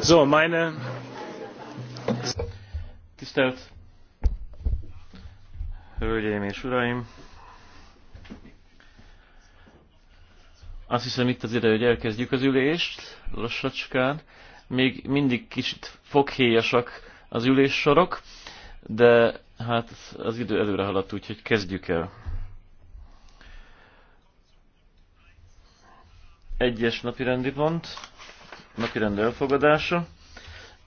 So, meine Tisztelt Hölgyeim és Uraim! Azt hiszem itt az ide, hogy elkezdjük az ülést, lassacskán. Még mindig kicsit foghéjasak az üléssorok, de Hát az idő előre haladt, úgyhogy kezdjük el. Egyes napirendi pont, rend elfogadása.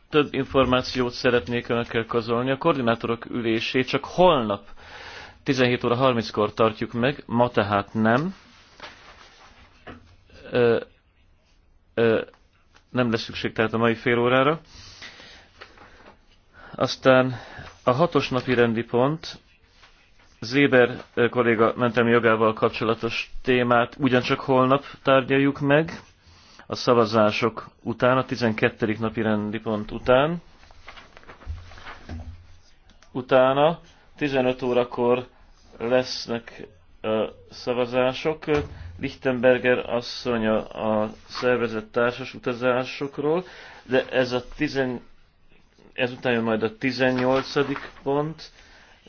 Több információt szeretnék önökkel kazolni. A koordinátorok ülését csak holnap 17 óra 30-kor tartjuk meg, ma tehát nem. Ö, ö, nem lesz szükség tehát a mai fél órára. Aztán a hatos napi rendi pont Zéber kolléga mentelmi jogával kapcsolatos témát ugyancsak holnap tárgyaljuk meg, a szavazások után, a 12. napi rendi pont után. Utána 15 órakor lesznek a szavazások. Lichtenberger asszony a, a szervezett társas utazásokról, de ez a 18 ezután jön majd a 18. pont.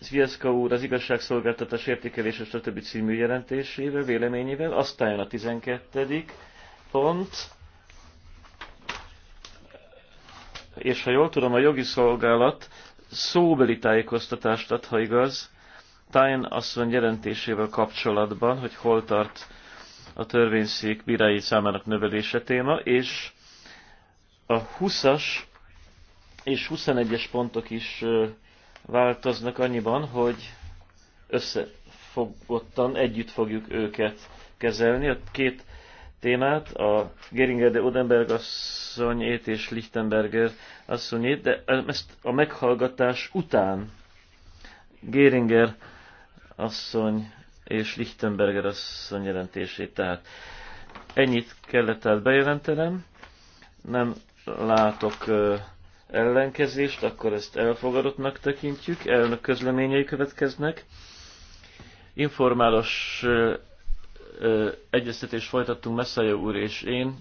Zvieszka úr az igazságszolgáltatás értékelése többi című jelentésével, véleményével, aztán jön a 12. pont, és ha jól tudom, a jogi szolgálat szóbeli tájékoztatást ad, ha igaz, Tájn asszony jelentésével kapcsolatban, hogy hol tart a törvényszék bírái számának növelése téma, és a 20-as és 21-es pontok is változnak annyiban, hogy összefogottan együtt fogjuk őket kezelni. A két témát, a Geringer de Odenberg asszonyét és Lichtenberger asszonyét, de ezt a meghallgatás után Geringer asszony és Lichtenberger asszony jelentését. Tehát ennyit kellett el bejelentenem. Nem látok ellenkezést, akkor ezt elfogadottnak tekintjük, elnök közleményei következnek. Informálos ö, ö, egyeztetést folytattunk Messzája úr és én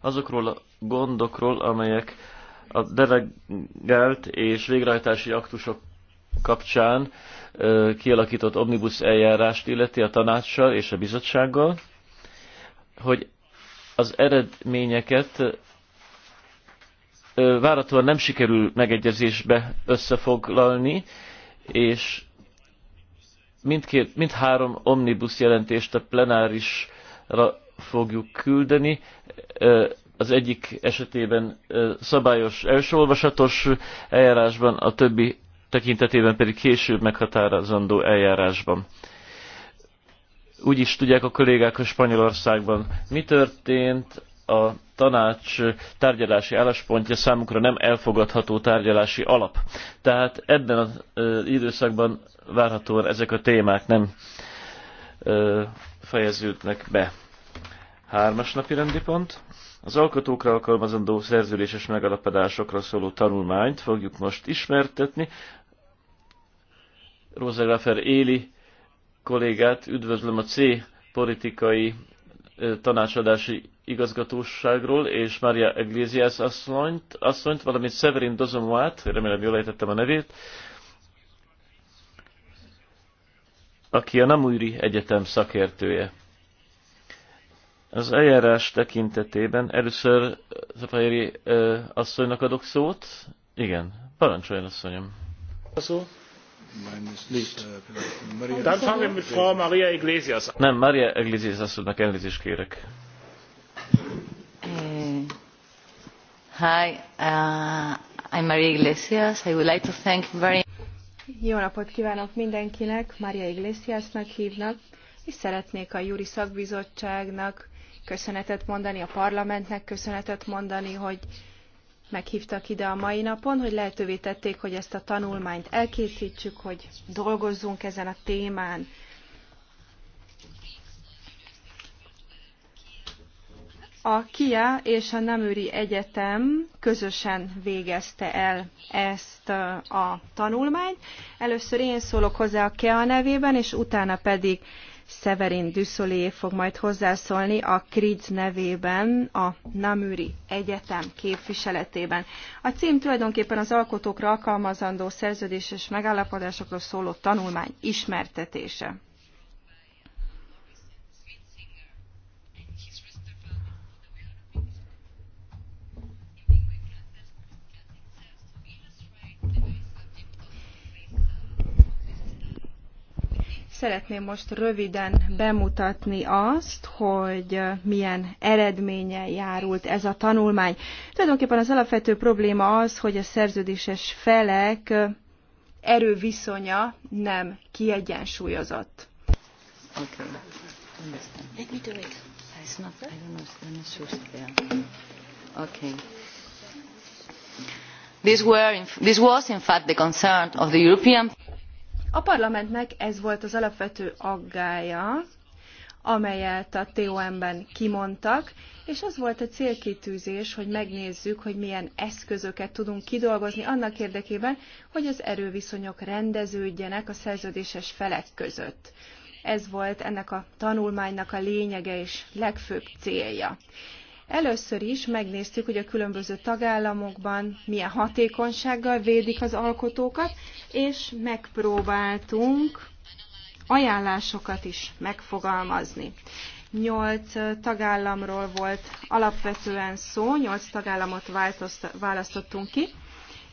azokról a gondokról, amelyek a delegált és végrehajtási aktusok kapcsán ö, kialakított omnibus eljárást illeti a tanácssal és a bizottsággal, hogy az eredményeket váratlan nem sikerül megegyezésbe összefoglalni, és mindkét, mindhárom omnibus jelentést a plenárisra fogjuk küldeni. Az egyik esetében szabályos első olvasatos eljárásban, a többi tekintetében pedig később meghatározandó eljárásban. Úgy is tudják a kollégák a Spanyolországban, mi történt a tanács tárgyalási álláspontja számukra nem elfogadható tárgyalási alap. Tehát ebben az időszakban várhatóan ezek a témák nem fejeződnek be. Hármas napi rendi pont. Az alkotókra alkalmazandó szerződéses megalapodásokra szóló tanulmányt fogjuk most ismertetni. Rosa Raffer Éli kollégát üdvözlöm a C politikai tanácsadási igazgatóságról, és Maria Iglesias asszonyt, asszonyt valamint Severin Dozomuát, remélem jól ejtettem a nevét, aki a Namúri Egyetem szakértője. Az eljárás tekintetében először uh, asszonynak adok szót. Igen, parancsoljon asszonyom. Szó. mit Frau Maria Iglesias Nem, Maria Iglesias asszonynak elnézést kérek. Jó napot kívánok mindenkinek, Maria Iglesiasnak hívnak, és szeretnék a Júri Szakbizottságnak köszönetet mondani, a parlamentnek köszönetet mondani, hogy meghívtak ide a mai napon, hogy lehetővé tették, hogy ezt a tanulmányt elkészítsük, hogy dolgozzunk ezen a témán. A KIA és a Namuri Egyetem közösen végezte el ezt a tanulmányt. Először én szólok hozzá a KIA nevében, és utána pedig Severin Düsszolé fog majd hozzászólni a KRIDZ nevében a Namüri Egyetem képviseletében. A cím tulajdonképpen az alkotókra alkalmazandó szerződéses megállapodásokról szóló tanulmány ismertetése. Szeretném most röviden bemutatni azt, hogy milyen eredménye járult ez a tanulmány. Tulajdonképpen az alapvető probléma az, hogy a szerződéses felek erőviszonya nem kiegyensúlyozott. Okay. Let me do it. Okay. This, were, this was in fact the concern of the European a parlamentnek ez volt az alapvető aggája, amelyet a TOM-ben kimondtak, és az volt a célkitűzés, hogy megnézzük, hogy milyen eszközöket tudunk kidolgozni annak érdekében, hogy az erőviszonyok rendeződjenek a szerződéses felek között. Ez volt ennek a tanulmánynak a lényege és legfőbb célja. Először is megnéztük, hogy a különböző tagállamokban milyen hatékonysággal védik az alkotókat, és megpróbáltunk ajánlásokat is megfogalmazni. Nyolc tagállamról volt alapvetően szó, nyolc tagállamot választottunk ki,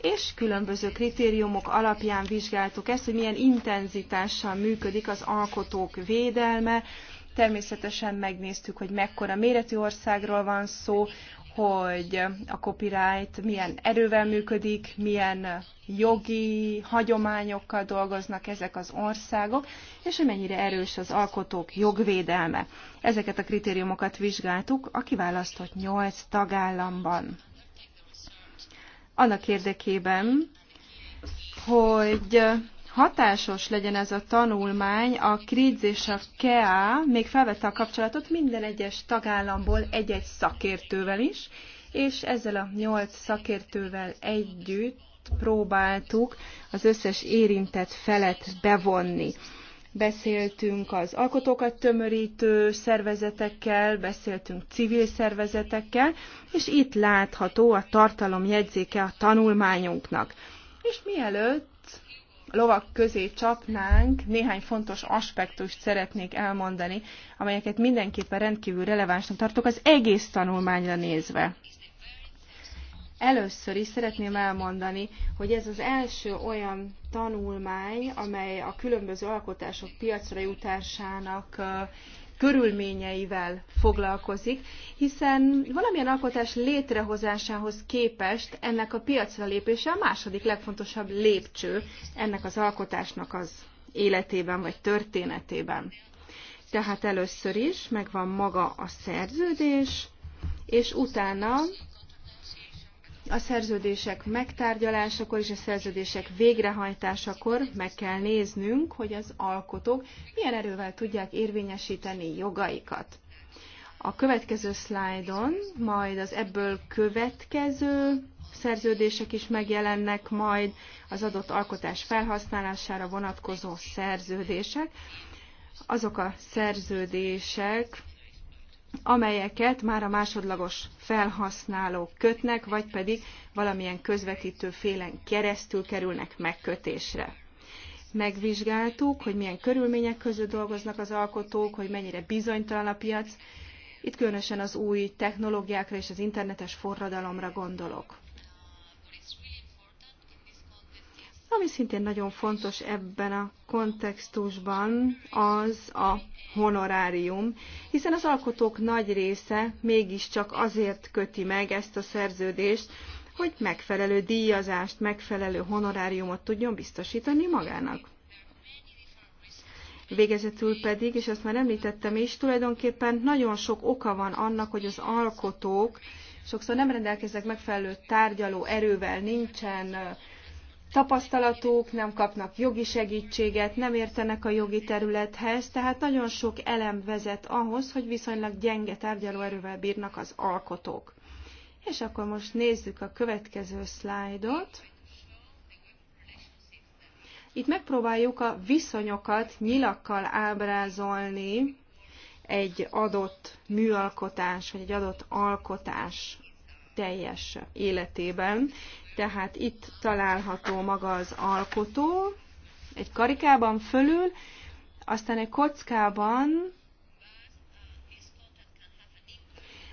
és különböző kritériumok alapján vizsgáltuk ezt, hogy milyen intenzitással működik az alkotók védelme, Természetesen megnéztük, hogy mekkora méretű országról van szó, hogy a copyright milyen erővel működik, milyen jogi hagyományokkal dolgoznak ezek az országok, és hogy mennyire erős az alkotók jogvédelme. Ezeket a kritériumokat vizsgáltuk a kiválasztott nyolc tagállamban. Annak érdekében, hogy hatásos legyen ez a tanulmány, a KRIDZ és a KEA még felvette a kapcsolatot minden egyes tagállamból egy-egy szakértővel is, és ezzel a nyolc szakértővel együtt próbáltuk az összes érintett felet bevonni. Beszéltünk az alkotókat tömörítő szervezetekkel, beszéltünk civil szervezetekkel, és itt látható a tartalom jegyzéke a tanulmányunknak. És mielőtt lovak közé csapnánk, néhány fontos aspektust szeretnék elmondani, amelyeket mindenképpen rendkívül relevánsnak tartok az egész tanulmányra nézve. Először is szeretném elmondani, hogy ez az első olyan tanulmány, amely a különböző alkotások piacra jutásának körülményeivel foglalkozik, hiszen valamilyen alkotás létrehozásához képest ennek a piacra lépése a második legfontosabb lépcső ennek az alkotásnak az életében vagy történetében. Tehát először is megvan maga a szerződés, és utána a szerződések megtárgyalásakor és a szerződések végrehajtásakor meg kell néznünk, hogy az alkotók milyen erővel tudják érvényesíteni jogaikat. A következő szlájdon majd az ebből következő szerződések is megjelennek, majd az adott alkotás felhasználására vonatkozó szerződések. Azok a szerződések, amelyeket már a másodlagos felhasználók kötnek, vagy pedig valamilyen közvetítő félen keresztül kerülnek megkötésre. Megvizsgáltuk, hogy milyen körülmények között dolgoznak az alkotók, hogy mennyire bizonytalan a piac. Itt különösen az új technológiákra és az internetes forradalomra gondolok. Ami szintén nagyon fontos ebben a kontextusban az a honorárium, hiszen az alkotók nagy része mégiscsak azért köti meg ezt a szerződést, hogy megfelelő díjazást, megfelelő honoráriumot tudjon biztosítani magának. Végezetül pedig, és ezt már említettem is, tulajdonképpen nagyon sok oka van annak, hogy az alkotók sokszor nem rendelkeznek megfelelő tárgyaló erővel, nincsen tapasztalatuk, nem kapnak jogi segítséget, nem értenek a jogi területhez, tehát nagyon sok elem vezet ahhoz, hogy viszonylag gyenge tárgyalóerővel bírnak az alkotók. És akkor most nézzük a következő szlájdot. Itt megpróbáljuk a viszonyokat nyilakkal ábrázolni egy adott műalkotás, vagy egy adott alkotás teljes életében. Tehát itt található maga az alkotó, egy karikában fölül, aztán egy kockában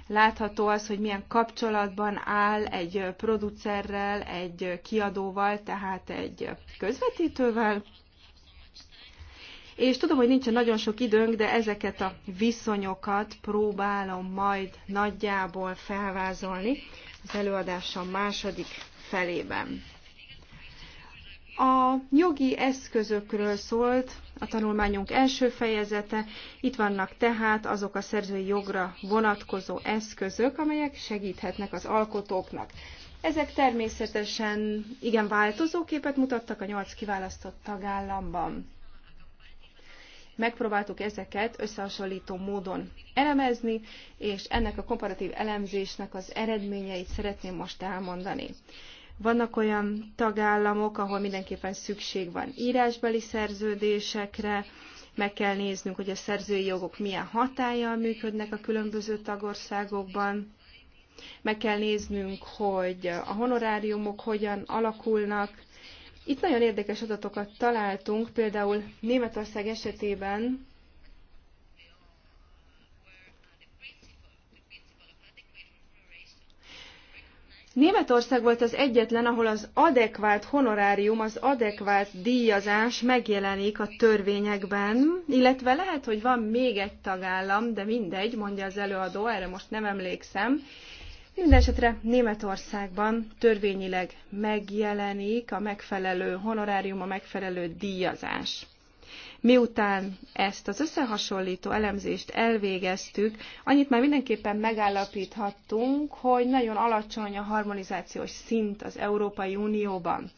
látható az, hogy milyen kapcsolatban áll egy producerrel, egy kiadóval, tehát egy közvetítővel. És tudom, hogy nincsen nagyon sok időnk, de ezeket a viszonyokat próbálom majd nagyjából felvázolni az előadásom második felében. A jogi eszközökről szólt a tanulmányunk első fejezete. Itt vannak tehát azok a szerzői jogra vonatkozó eszközök, amelyek segíthetnek az alkotóknak. Ezek természetesen igen változó képet mutattak a nyolc kiválasztott tagállamban. Megpróbáltuk ezeket összehasonlító módon elemezni, és ennek a komparatív elemzésnek az eredményeit szeretném most elmondani. Vannak olyan tagállamok, ahol mindenképpen szükség van írásbeli szerződésekre, meg kell néznünk, hogy a szerzői jogok milyen hatállyal működnek a különböző tagországokban, meg kell néznünk, hogy a honoráriumok hogyan alakulnak. Itt nagyon érdekes adatokat találtunk, például Németország esetében Németország volt az egyetlen, ahol az adekvát honorárium, az adekvát díjazás megjelenik a törvényekben, illetve lehet, hogy van még egy tagállam, de mindegy, mondja az előadó, erre most nem emlékszem. Mindenesetre Németországban törvényileg megjelenik a megfelelő honorárium, a megfelelő díjazás. Miután ezt az összehasonlító elemzést elvégeztük, annyit már mindenképpen megállapíthattunk, hogy nagyon alacsony a harmonizációs szint az Európai Unióban.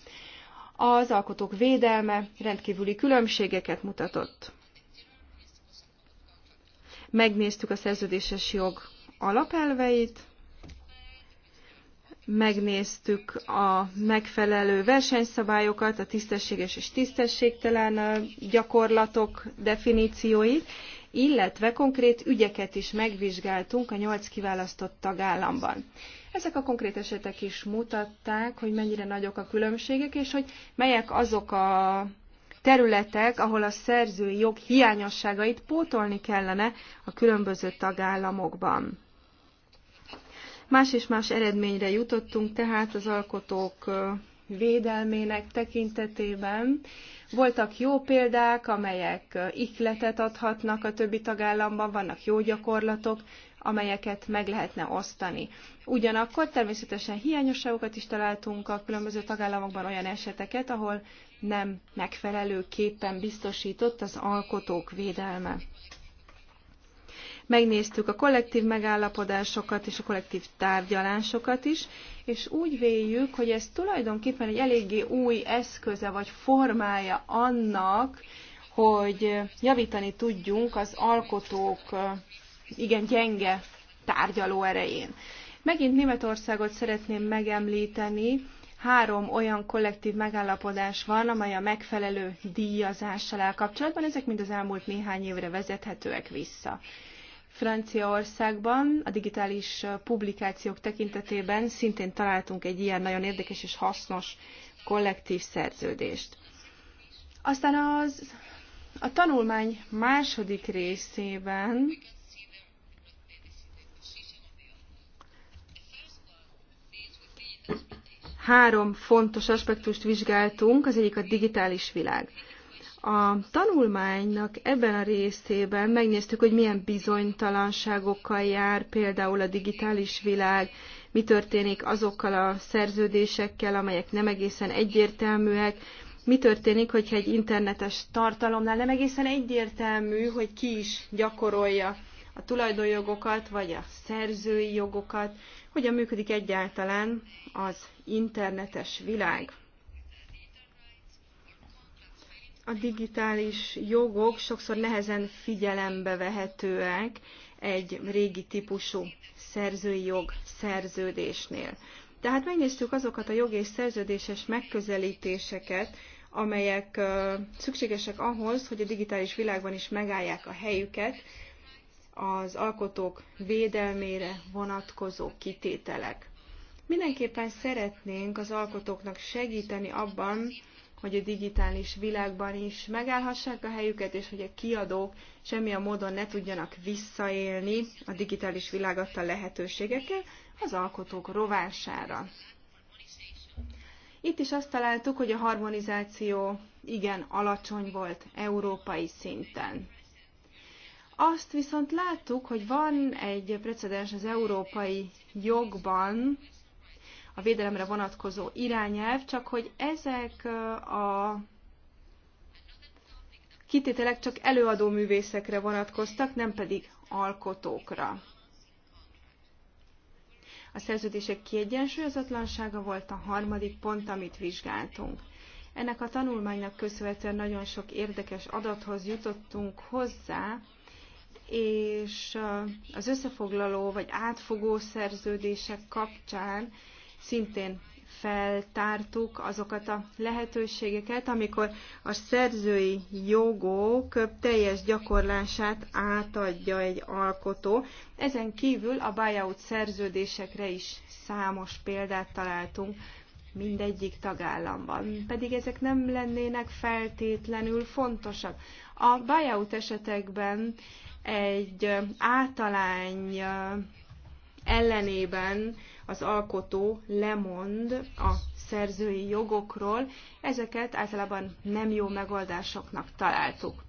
Az alkotók védelme rendkívüli különbségeket mutatott. Megnéztük a szerződéses jog alapelveit, megnéztük a megfelelő versenyszabályokat, a tisztességes és tisztességtelen gyakorlatok definícióit, illetve konkrét ügyeket is megvizsgáltunk a nyolc kiválasztott tagállamban. Ezek a konkrét esetek is mutatták, hogy mennyire nagyok a különbségek, és hogy melyek azok a területek, ahol a szerzői jog hiányosságait pótolni kellene a különböző tagállamokban. Más és más eredményre jutottunk tehát az alkotók védelmének tekintetében. Voltak jó példák, amelyek ikletet adhatnak a többi tagállamban, vannak jó gyakorlatok, amelyeket meg lehetne osztani. Ugyanakkor természetesen hiányosságokat is találtunk a különböző tagállamokban olyan eseteket, ahol nem megfelelőképpen biztosított az alkotók védelme megnéztük a kollektív megállapodásokat és a kollektív tárgyalásokat is, és úgy véljük, hogy ez tulajdonképpen egy eléggé új eszköze vagy formája annak, hogy javítani tudjunk az alkotók igen gyenge tárgyaló erején. Megint Németországot szeretném megemlíteni, három olyan kollektív megállapodás van, amely a megfelelő díjazással áll kapcsolatban, ezek mind az elmúlt néhány évre vezethetőek vissza. Franciaországban a digitális publikációk tekintetében szintén találtunk egy ilyen nagyon érdekes és hasznos kollektív szerződést. Aztán az, a tanulmány második részében három fontos aspektust vizsgáltunk, az egyik a digitális világ. A tanulmánynak ebben a részében megnéztük, hogy milyen bizonytalanságokkal jár például a digitális világ, mi történik azokkal a szerződésekkel, amelyek nem egészen egyértelműek, mi történik, hogyha egy internetes tartalomnál nem egészen egyértelmű, hogy ki is gyakorolja a tulajdonjogokat, vagy a szerzői jogokat, hogyan működik egyáltalán az internetes világ a digitális jogok sokszor nehezen figyelembe vehetőek egy régi típusú szerzői jog szerződésnél. Tehát megnéztük azokat a jog és szerződéses megközelítéseket, amelyek szükségesek ahhoz, hogy a digitális világban is megállják a helyüket az alkotók védelmére vonatkozó kitételek. Mindenképpen szeretnénk az alkotóknak segíteni abban, hogy a digitális világban is megállhassák a helyüket, és hogy a kiadók semmilyen módon ne tudjanak visszaélni a digitális világ adta lehetőségekkel az alkotók rovására. Itt is azt találtuk, hogy a harmonizáció igen alacsony volt európai szinten. Azt viszont láttuk, hogy van egy precedens az európai jogban, a védelemre vonatkozó irányelv, csak hogy ezek a kitételek csak előadó művészekre vonatkoztak, nem pedig alkotókra. A szerződések kiegyensúlyozatlansága volt a harmadik pont, amit vizsgáltunk. Ennek a tanulmánynak köszönhetően nagyon sok érdekes adathoz jutottunk hozzá, és az összefoglaló vagy átfogó szerződések kapcsán szintén feltártuk azokat a lehetőségeket, amikor a szerzői jogok teljes gyakorlását átadja egy alkotó. Ezen kívül a buyout szerződésekre is számos példát találtunk mindegyik tagállamban, pedig ezek nem lennének feltétlenül fontosak. A buyout esetekben egy általány ellenében az alkotó lemond a szerzői jogokról, ezeket általában nem jó megoldásoknak találtuk.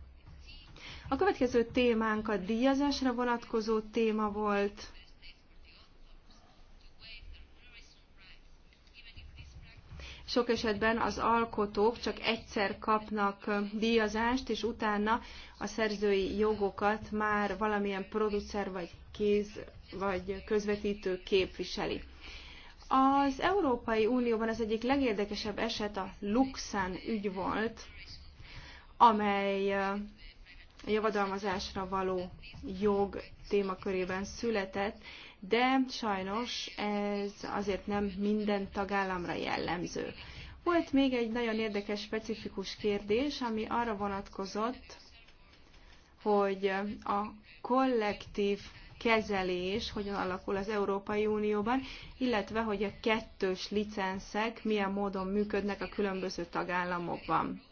A következő témánk a díjazásra vonatkozó téma volt. Sok esetben az alkotók csak egyszer kapnak díjazást, és utána a szerzői jogokat már valamilyen producer vagy kéz vagy közvetítő képviseli. Az Európai Unióban az egyik legérdekesebb eset a Luxan ügy volt, amely a javadalmazásra való jog témakörében született, de sajnos ez azért nem minden tagállamra jellemző. Volt még egy nagyon érdekes, specifikus kérdés, ami arra vonatkozott, hogy a kollektív kezelés hogyan alakul az Európai Unióban, illetve hogy a kettős licenszek milyen módon működnek a különböző tagállamokban.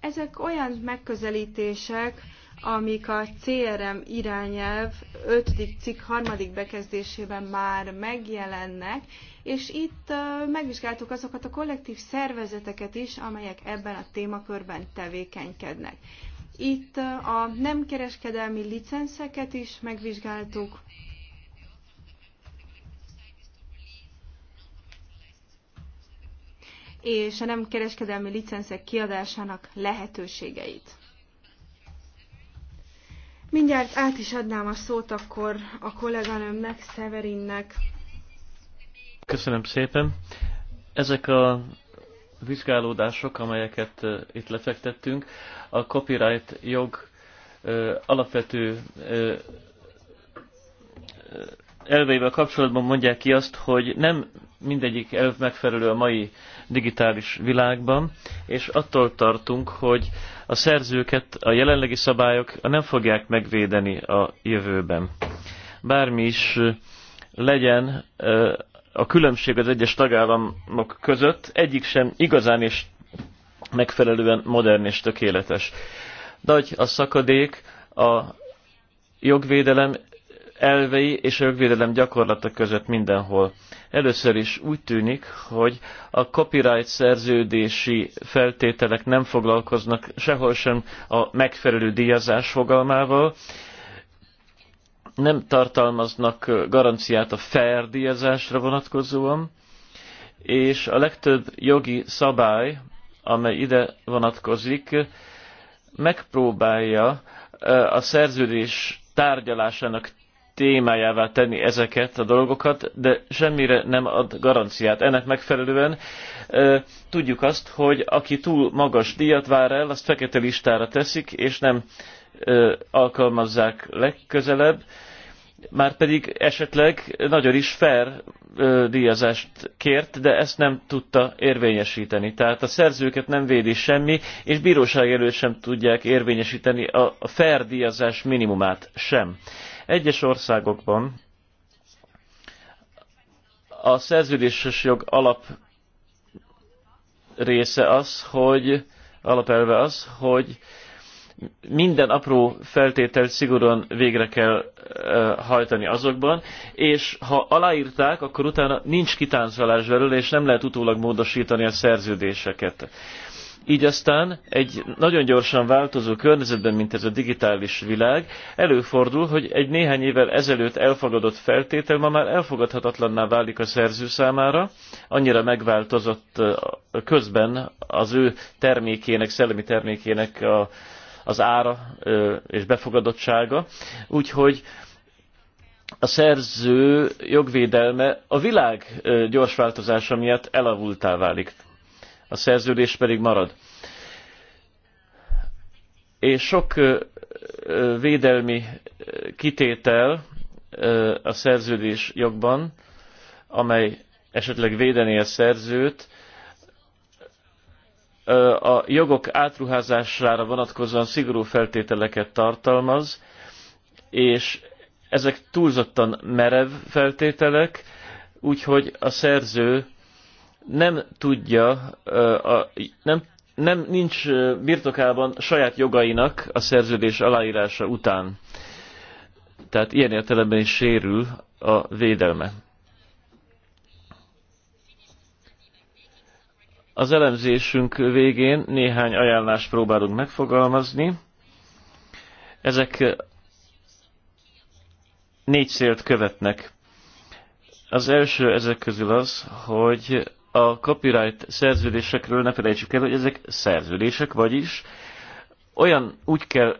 Ezek olyan megközelítések, amik a CRM irányelv 5. cikk 3. bekezdésében már megjelennek, és itt megvizsgáltuk azokat a kollektív szervezeteket is, amelyek ebben a témakörben tevékenykednek. Itt a nem kereskedelmi licenszeket is megvizsgáltuk. és a nem kereskedelmi licenszek kiadásának lehetőségeit. Mindjárt át is adnám a szót akkor a kolléganőmnek, Severinnek. Köszönöm szépen. Ezek a vizsgálódások, amelyeket itt lefektettünk, a copyright jog alapvető elveivel kapcsolatban mondják ki azt, hogy nem mindegyik elv megfelelő a mai digitális világban, és attól tartunk, hogy a szerzőket a jelenlegi szabályok nem fogják megvédeni a jövőben. Bármi is legyen a különbség az egyes tagállamok között egyik sem igazán és megfelelően modern és tökéletes. Nagy a szakadék a jogvédelem elvei és a jogvédelem gyakorlata között mindenhol. Először is úgy tűnik, hogy a copyright szerződési feltételek nem foglalkoznak sehol sem a megfelelő díjazás fogalmával, nem tartalmaznak garanciát a fair díjazásra vonatkozóan, és a legtöbb jogi szabály, amely ide vonatkozik, megpróbálja a szerződés tárgyalásának témájává tenni ezeket a dolgokat, de semmire nem ad garanciát. Ennek megfelelően e, tudjuk azt, hogy aki túl magas díjat vár el, azt fekete listára teszik, és nem alkalmazzák legközelebb, már pedig esetleg nagyon is fair díjazást kért, de ezt nem tudta érvényesíteni. Tehát a szerzőket nem védi semmi, és bíróság előtt sem tudják érvényesíteni a, a fair díjazás minimumát sem. Egyes országokban a szerződéses jog alap része az, hogy alapelve az, hogy minden apró feltételt szigorúan végre kell hajtani azokban, és ha aláírták, akkor utána nincs kitáncolás belőle, és nem lehet utólag módosítani a szerződéseket. Így aztán egy nagyon gyorsan változó környezetben, mint ez a digitális világ, előfordul, hogy egy néhány évvel ezelőtt elfogadott feltétel ma már elfogadhatatlanná válik a szerző számára, annyira megváltozott közben az ő termékének, szellemi termékének a az ára és befogadottsága. Úgyhogy a szerző jogvédelme a világ gyors változása miatt elavultá válik. A szerződés pedig marad. És sok védelmi kitétel a szerződés jogban, amely esetleg védené a szerzőt, a jogok átruházására vonatkozóan szigorú feltételeket tartalmaz, és ezek túlzottan merev feltételek, úgyhogy a szerző nem tudja, nem, nem nincs birtokában saját jogainak a szerződés aláírása után. Tehát ilyen értelemben is sérül a védelme. Az elemzésünk végén néhány ajánlást próbálunk megfogalmazni. Ezek négy célt követnek. Az első ezek közül az, hogy a copyright szerződésekről ne felejtsük el, hogy ezek szerződések, vagyis olyan úgy kell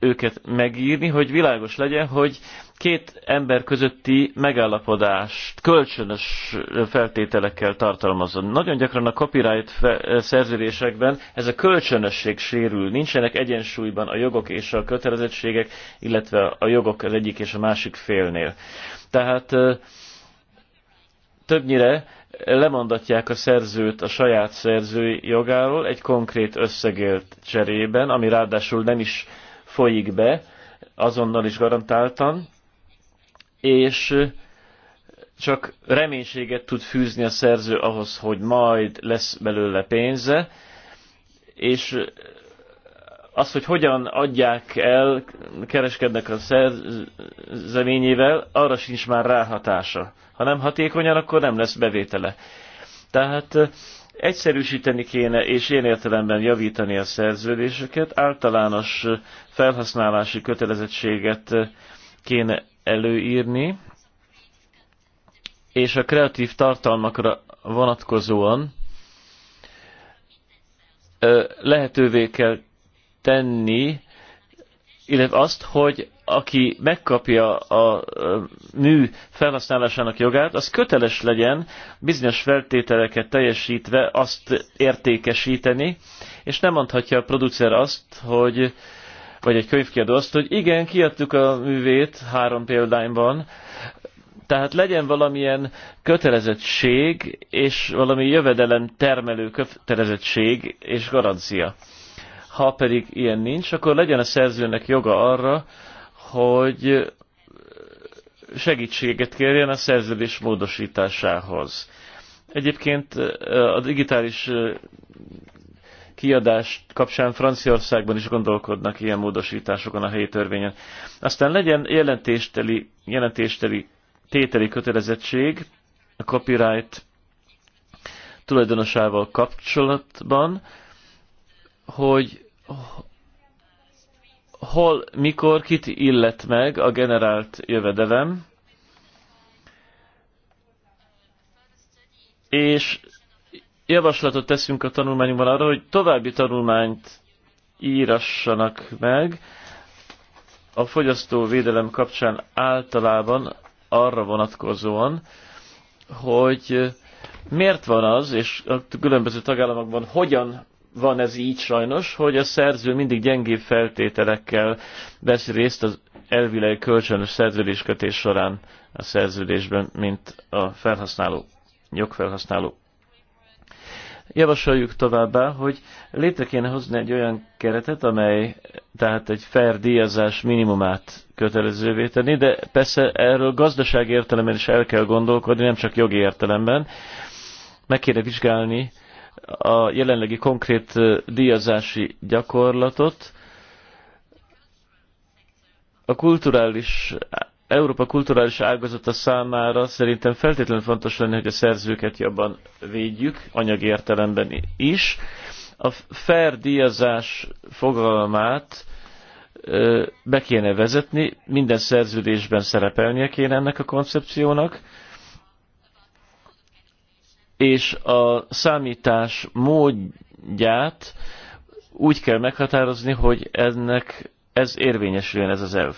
őket megírni, hogy világos legyen, hogy két ember közötti megállapodást kölcsönös feltételekkel tartalmazza. Nagyon gyakran a copyright szerződésekben ez a kölcsönösség sérül, nincsenek egyensúlyban a jogok és a kötelezettségek, illetve a jogok az egyik és a másik félnél. Tehát többnyire lemondatják a szerzőt a saját szerzői jogáról egy konkrét összegért cserében, ami ráadásul nem is folyik be, azonnal is garantáltan, és csak reménységet tud fűzni a szerző ahhoz, hogy majd lesz belőle pénze, és az, hogy hogyan adják el, kereskednek a szerzeményével, arra sincs már ráhatása. Ha nem hatékonyan, akkor nem lesz bevétele. Tehát Egyszerűsíteni kéne és én értelemben javítani a szerződéseket, általános felhasználási kötelezettséget kéne előírni, és a kreatív tartalmakra vonatkozóan lehetővé kell tenni, illetve azt, hogy aki megkapja a mű felhasználásának jogát, az köteles legyen bizonyos feltételeket teljesítve azt értékesíteni, és nem mondhatja a producer azt, hogy vagy egy könyvkiadó azt, hogy igen, kiadtuk a művét három példányban, tehát legyen valamilyen kötelezettség, és valami jövedelem termelő kötelezettség és garancia. Ha pedig ilyen nincs, akkor legyen a szerzőnek joga arra, hogy segítséget kérjen a szerződés módosításához. Egyébként eh, a digitális eh, kiadás kapcsán Franciaországban is gondolkodnak ilyen módosításokon a helyi törvényen. Aztán legyen jelentésteli, jelentésteli tételi kötelezettség a copyright tulajdonosával kapcsolatban, hogy hol, mikor, kit illet meg a generált jövedelem, és javaslatot teszünk a tanulmányunkban arra, hogy további tanulmányt írassanak meg a fogyasztóvédelem kapcsán általában arra vonatkozóan, hogy miért van az, és a különböző tagállamokban hogyan van ez így sajnos, hogy a szerző mindig gyengébb feltételekkel vesz részt az elvileg kölcsönös szerződéskötés során a szerződésben, mint a felhasználó, jogfelhasználó. Javasoljuk továbbá, hogy létre kéne hozni egy olyan keretet, amely tehát egy fair díjazás minimumát kötelezővé tenni, de persze erről gazdasági értelemben is el kell gondolkodni, nem csak jogi értelemben. Meg kéne vizsgálni, a jelenlegi konkrét díjazási gyakorlatot. A kulturális, Európa kulturális ágazata számára szerintem feltétlenül fontos lenne, hogy a szerzőket jobban védjük, anyagi értelemben is. A fair díjazás fogalmát be kéne vezetni, minden szerződésben szerepelnie kéne ennek a koncepciónak, és a számítás módját úgy kell meghatározni, hogy ennek ez érvényesüljön ez az elv.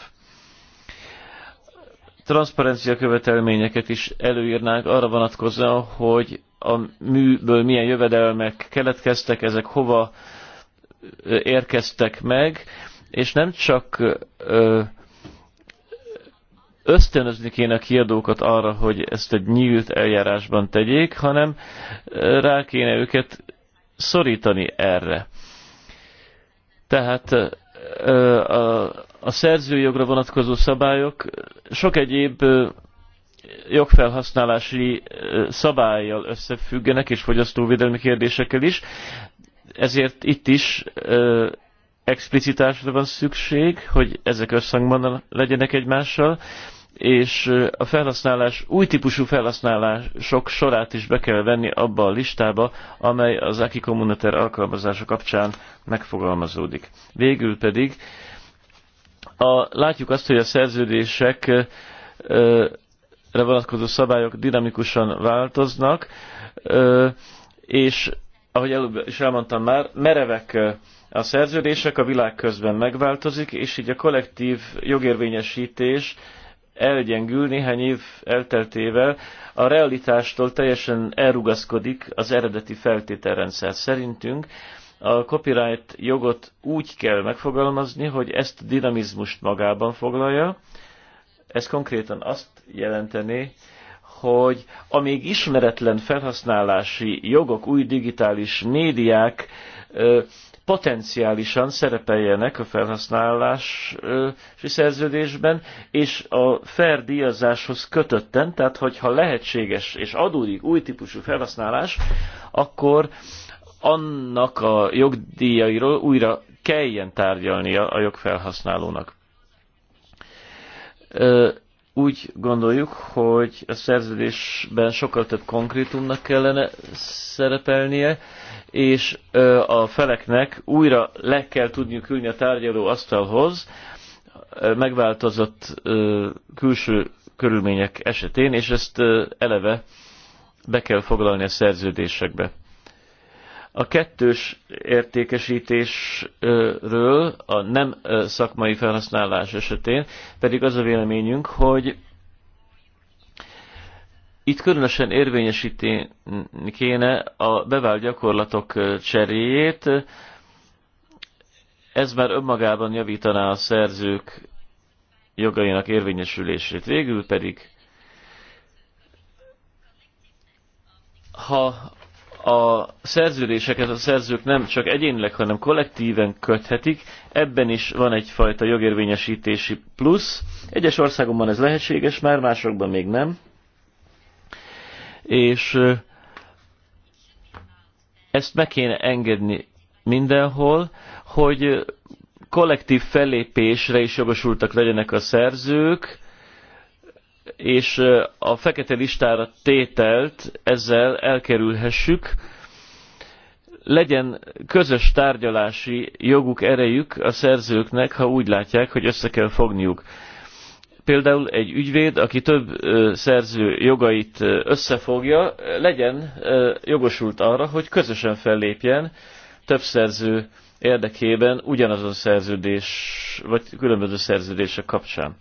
Transzparencia követelményeket is előírnánk arra vonatkozóan, hogy a műből milyen jövedelmek keletkeztek, ezek hova érkeztek meg, és nem csak ö, ösztönözni kéne a kiadókat arra, hogy ezt egy nyílt eljárásban tegyék, hanem rá kéne őket szorítani erre. Tehát a, a szerzőjogra vonatkozó szabályok sok egyéb jogfelhasználási szabályjal összefüggenek, és fogyasztóvédelmi kérdésekkel is, ezért itt is explicitásra van szükség, hogy ezek összhangban legyenek egymással, és a felhasználás, új típusú felhasználások sorát is be kell venni abba a listába, amely az Aki Kommunater alkalmazása kapcsán megfogalmazódik. Végül pedig a, látjuk azt, hogy a szerződések vonatkozó szabályok dinamikusan változnak, ö, és ahogy előbb is elmondtam már, merevek a szerződések a világ közben megváltozik, és így a kollektív jogérvényesítés elgyengül néhány év elteltével, a realitástól teljesen elrugaszkodik az eredeti feltételrendszer szerintünk. A copyright jogot úgy kell megfogalmazni, hogy ezt a dinamizmust magában foglalja. Ez konkrétan azt jelenteni, hogy a még ismeretlen felhasználási jogok, új digitális médiák potenciálisan szerepeljenek a felhasználási szerződésben, és a fair díjazáshoz kötötten, tehát hogyha lehetséges és adódik új típusú felhasználás, akkor annak a jogdíjairól újra kelljen tárgyalnia a jogfelhasználónak úgy gondoljuk, hogy a szerződésben sokkal több konkrétumnak kellene szerepelnie, és a feleknek újra le kell tudniuk ülni a tárgyaló asztalhoz, megváltozott külső körülmények esetén, és ezt eleve be kell foglalni a szerződésekbe. A kettős értékesítésről a nem szakmai felhasználás esetén pedig az a véleményünk, hogy itt különösen érvényesíteni kéne a bevált gyakorlatok cseréjét. Ez már önmagában javítaná a szerzők jogainak érvényesülését. Végül pedig, ha a szerződéseket a szerzők nem csak egyénileg, hanem kollektíven köthetik, ebben is van egyfajta jogérvényesítési plusz. Egyes országokban ez lehetséges, már másokban még nem. És ezt meg kéne engedni mindenhol, hogy kollektív fellépésre is jogosultak legyenek a szerzők, és a fekete listára tételt ezzel elkerülhessük, legyen közös tárgyalási joguk, erejük a szerzőknek, ha úgy látják, hogy össze kell fogniuk. Például egy ügyvéd, aki több szerző jogait összefogja, legyen jogosult arra, hogy közösen fellépjen több szerző érdekében ugyanazon szerződés, vagy különböző szerződések kapcsán.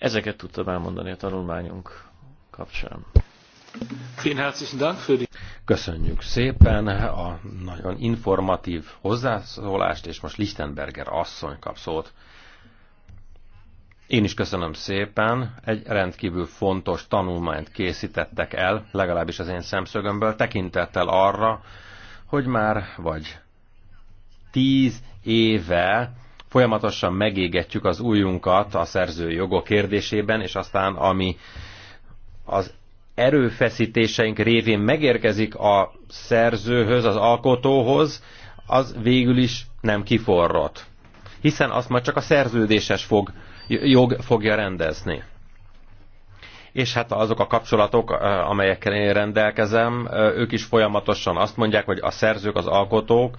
Ezeket tudtam elmondani a tanulmányunk kapcsán. Köszönjük szépen a nagyon informatív hozzászólást, és most Lichtenberger asszony kap szót. Én is köszönöm szépen, egy rendkívül fontos tanulmányt készítettek el, legalábbis az én szemszögömből, tekintettel arra, hogy már vagy tíz éve Folyamatosan megégetjük az újunkat a szerző jogok kérdésében, és aztán ami az erőfeszítéseink révén megérkezik a szerzőhöz, az alkotóhoz, az végül is nem kiforrott. Hiszen azt majd csak a szerződéses fog, jog fogja rendezni. És hát azok a kapcsolatok, amelyekkel én rendelkezem, ők is folyamatosan azt mondják, hogy a szerzők, az alkotók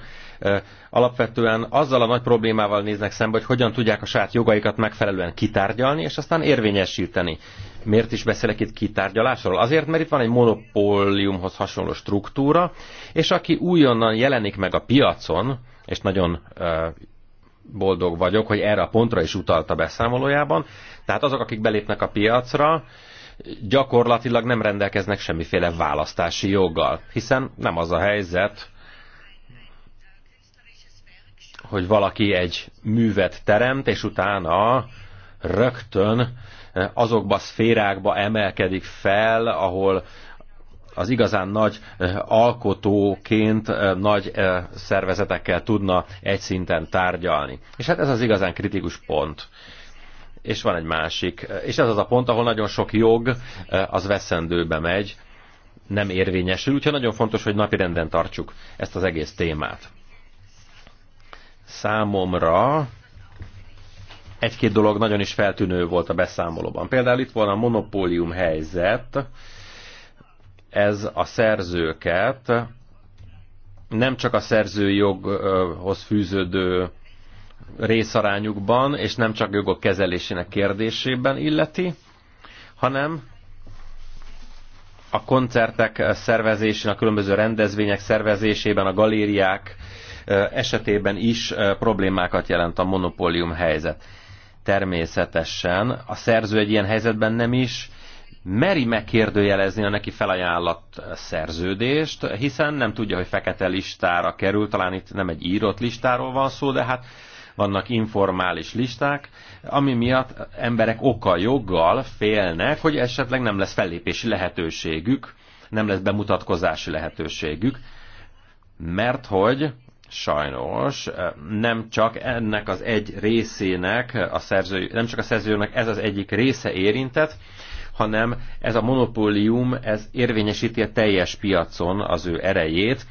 alapvetően azzal a nagy problémával néznek szembe, hogy hogyan tudják a saját jogaikat megfelelően kitárgyalni, és aztán érvényesíteni. Miért is beszélek itt kitárgyalásról? Azért, mert itt van egy monopóliumhoz hasonló struktúra, és aki újonnan jelenik meg a piacon, és nagyon boldog vagyok, hogy erre a pontra is utalta beszámolójában, tehát azok, akik belépnek a piacra, gyakorlatilag nem rendelkeznek semmiféle választási joggal, hiszen nem az a helyzet, hogy valaki egy művet teremt, és utána rögtön eh, azokba a szférákba emelkedik fel, ahol az igazán nagy eh, alkotóként eh, nagy szervezetekkel tudna egy szinten tárgyalni. És hát ez az igazán kritikus pont. És van egy másik. És ez az a pont, ahol nagyon sok jog az veszendőbe megy, nem érvényesül, úgyhogy nagyon fontos, hogy napirenden tartsuk ezt az egész témát. Számomra egy-két dolog nagyon is feltűnő volt a beszámolóban. Például itt van a monopólium helyzet, ez a szerzőket nem csak a szerzőjoghoz fűződő részarányukban, és nem csak jogok kezelésének kérdésében illeti, hanem a koncertek szervezésén, a különböző rendezvények szervezésében, a galériák esetében is problémákat jelent a monopólium helyzet. Természetesen a szerző egy ilyen helyzetben nem is meri megkérdőjelezni a neki felajánlott szerződést, hiszen nem tudja, hogy fekete listára kerül, talán itt nem egy írott listáról van szó, de hát vannak informális listák, ami miatt emberek oka joggal félnek, hogy esetleg nem lesz fellépési lehetőségük, nem lesz bemutatkozási lehetőségük, mert hogy sajnos eh, nem csak ennek az egy részének, a szerző, nem csak a szerzőnek ez az egyik része érintett, hanem ez a monopólium ez érvényesíti a teljes piacon az ő erejét,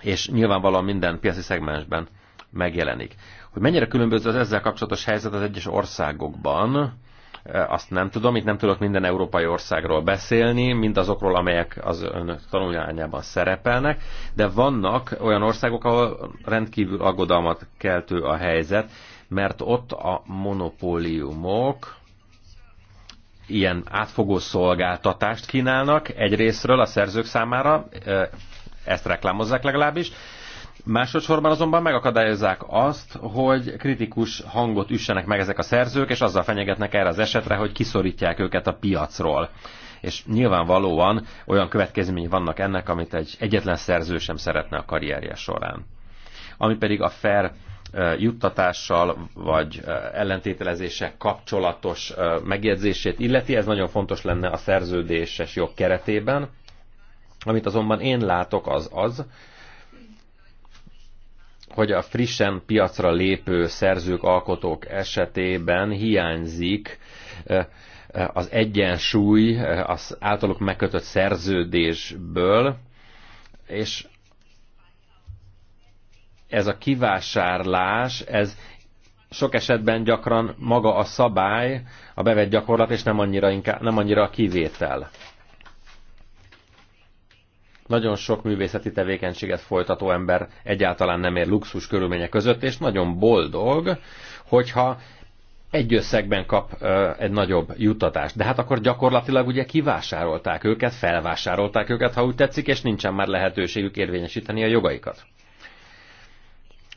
és nyilvánvalóan minden piaci szegmensben megjelenik. Hogy mennyire különböző az ezzel kapcsolatos helyzet az egyes országokban, azt nem tudom, itt nem tudok minden európai országról beszélni, mint azokról, amelyek az önök tanulmányában szerepelnek, de vannak olyan országok, ahol rendkívül aggodalmat keltő a helyzet, mert ott a monopóliumok ilyen átfogó szolgáltatást kínálnak egyrésztről a szerzők számára, ezt reklámozzák legalábbis, Másodszorban azonban megakadályozzák azt, hogy kritikus hangot üssenek meg ezek a szerzők, és azzal fenyegetnek erre az esetre, hogy kiszorítják őket a piacról. És nyilvánvalóan olyan következmény vannak ennek, amit egy egyetlen szerző sem szeretne a karrierje során. Ami pedig a fair juttatással vagy ellentételezések kapcsolatos megjegyzését illeti, ez nagyon fontos lenne a szerződéses jog keretében. Amit azonban én látok az az, hogy a frissen piacra lépő szerzők, alkotók esetében hiányzik az egyensúly az általuk megkötött szerződésből, és ez a kivásárlás, ez sok esetben gyakran maga a szabály, a bevett gyakorlat, és nem annyira, inkább, nem annyira a kivétel. Nagyon sok művészeti tevékenységet folytató ember egyáltalán nem ér luxus körülmények között, és nagyon boldog, hogyha egy összegben kap egy nagyobb juttatást. De hát akkor gyakorlatilag ugye kivásárolták őket, felvásárolták őket, ha úgy tetszik, és nincsen már lehetőségük érvényesíteni a jogaikat.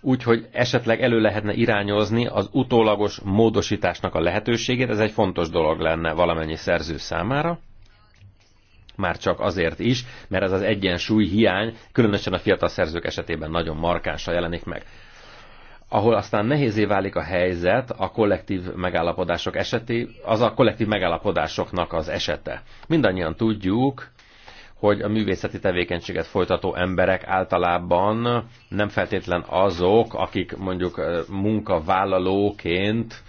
Úgyhogy esetleg elő lehetne irányozni az utólagos módosításnak a lehetőségét, ez egy fontos dolog lenne valamennyi szerző számára már csak azért is, mert ez az egyensúly hiány, különösen a fiatal szerzők esetében nagyon markánsan jelenik meg ahol aztán nehézé válik a helyzet a kollektív megállapodások eseté, az a kollektív megállapodásoknak az esete. Mindannyian tudjuk, hogy a művészeti tevékenységet folytató emberek általában nem feltétlen azok, akik mondjuk munkavállalóként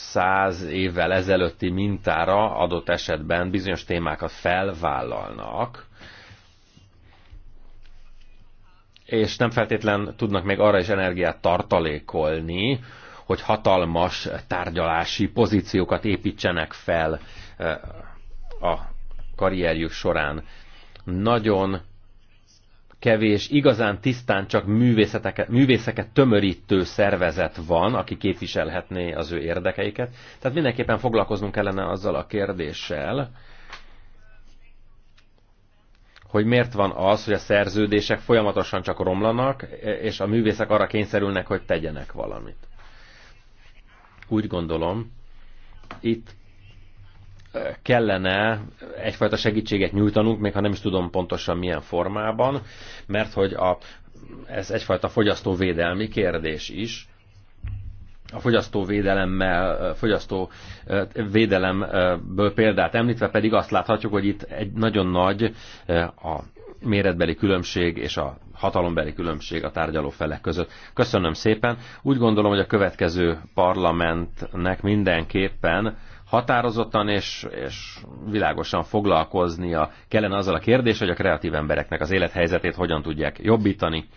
száz évvel ezelőtti mintára adott esetben bizonyos témákat felvállalnak, és nem feltétlen tudnak még arra is energiát tartalékolni, hogy hatalmas tárgyalási pozíciókat építsenek fel eh, a karrierjük során. Nagyon kevés, igazán tisztán csak művészeteket, művészeket tömörítő szervezet van, aki képviselhetné az ő érdekeiket. Tehát mindenképpen foglalkoznunk kellene azzal a kérdéssel, hogy miért van az, hogy a szerződések folyamatosan csak romlanak, és a művészek arra kényszerülnek, hogy tegyenek valamit. Úgy gondolom, itt kellene egyfajta segítséget nyújtanunk, még ha nem is tudom pontosan milyen formában, mert hogy a, ez egyfajta fogyasztóvédelmi kérdés is. A fogyasztóvédelemmel, fogyasztóvédelemből példát említve pedig azt láthatjuk, hogy itt egy nagyon nagy a méretbeli különbség és a hatalombeli különbség a tárgyaló felek között. Köszönöm szépen. Úgy gondolom, hogy a következő parlamentnek mindenképpen határozottan és, és világosan foglalkoznia kellene azzal a kérdés, hogy a kreatív embereknek az élethelyzetét hogyan tudják jobbítani.